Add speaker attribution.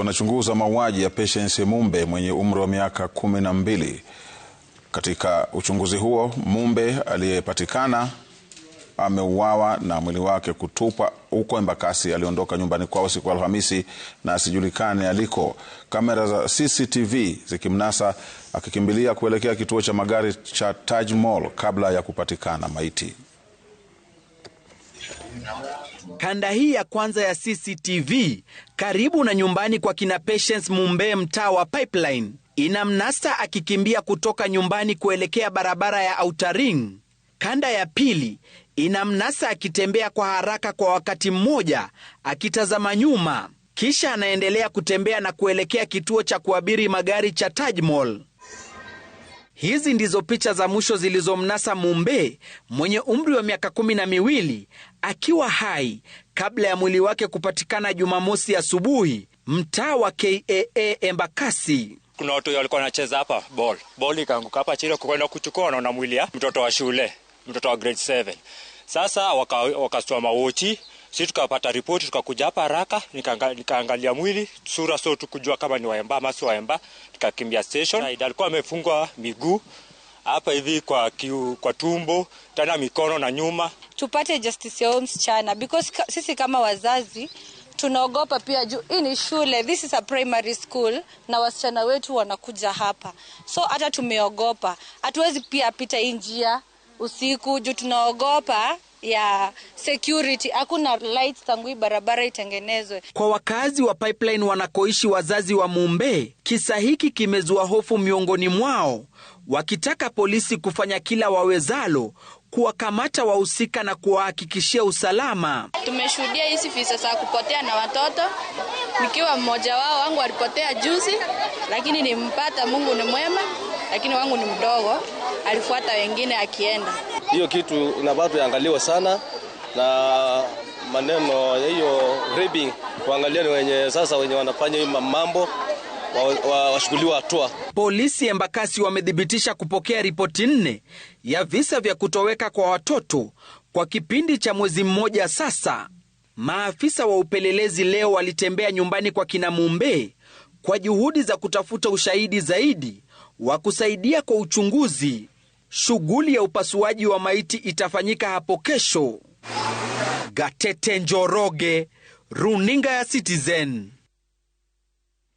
Speaker 1: wanachunguza mauaji ya Patience Mumbe mwenye umri wa miaka kumi na mbili. Katika uchunguzi huo, Mumbe aliyepatikana ameuawa na mwili wake kutupwa huko Embakasi. Aliondoka nyumbani kwao siku Alhamisi na asijulikane aliko, kamera za CCTV zikimnasa akikimbilia kuelekea kituo cha magari cha Taj Mall kabla ya kupatikana maiti.
Speaker 2: Kanda hii ya kwanza ya CCTV karibu na nyumbani kwa kina Patience Mumbe, mtaa wa Pipeline, ina mnasa akikimbia kutoka nyumbani kuelekea barabara ya Outer Ring. Kanda ya pili ina mnasa akitembea kwa haraka kwa wakati mmoja akitazama nyuma, kisha anaendelea kutembea na kuelekea kituo cha kuabiri magari cha Taj Mall. Hizi ndizo picha za mwisho zilizomnasa Mumbe mwenye umri wa miaka kumi na miwili akiwa hai kabla ya mwili wake kupatikana Jumamosi asubuhi mtaa wa KAA Embakasi.
Speaker 3: Kuna watu walikuwa wanacheza hapa bol bol, ikaanguka hapa chini, kukwenda kuchukua, wanaona mwili ya mtoto wa shule, mtoto wa grade 7. Sasa wakastua waka mauchi Si tukapata ripoti, tukakuja hapa haraka, nikaangalia mwili sura, so tukujua kama ni Waemba ama si Waemba, tukakimbia station. Alikuwa amefungwa miguu hapa hivi kwa, kiu, kwa tumbo tena mikono na nyuma.
Speaker 4: Tupate justice ya msichana because sisi kama wazazi tunaogopa pia juu hii ni shule, this is a primary school, na wasichana wetu wanakuja hapa, so hata tumeogopa. Hatuwezi pia pita hii njia usiku juu tunaogopa ya security, hakuna lights tangu hii barabara itengenezwe.
Speaker 2: Kwa wakazi wa Pipeline wanakoishi wazazi wa Mumbe, kisa hiki kimezua hofu miongoni mwao, wakitaka polisi kufanya kila wawezalo kuwakamata wahusika na kuwahakikishia usalama.
Speaker 5: Tumeshuhudia hizi visa za kupotea na watoto, nikiwa mmoja wao. Wangu alipotea juzi, lakini nimpata Mungu ni mwema, lakini wangu ni mdogo, alifuata wengine akienda
Speaker 6: hiyo kitu inabatu yaangaliwa sana na maneno ya hiyo ribbing kuangalia ni wenye sasa wenye wanafanya hiyo mambo washughuliwa wa, wa hatua.
Speaker 2: Polisi Embakasi wamethibitisha kupokea ripoti nne ya visa vya kutoweka kwa watoto kwa kipindi cha mwezi mmoja sasa. Maafisa wa upelelezi leo walitembea nyumbani kwa kina Mumbe kwa juhudi za kutafuta ushahidi zaidi wa kusaidia kwa uchunguzi. Shughuli ya upasuaji wa maiti itafanyika hapo kesho. Gatete Njoroge, Runinga ya Citizen.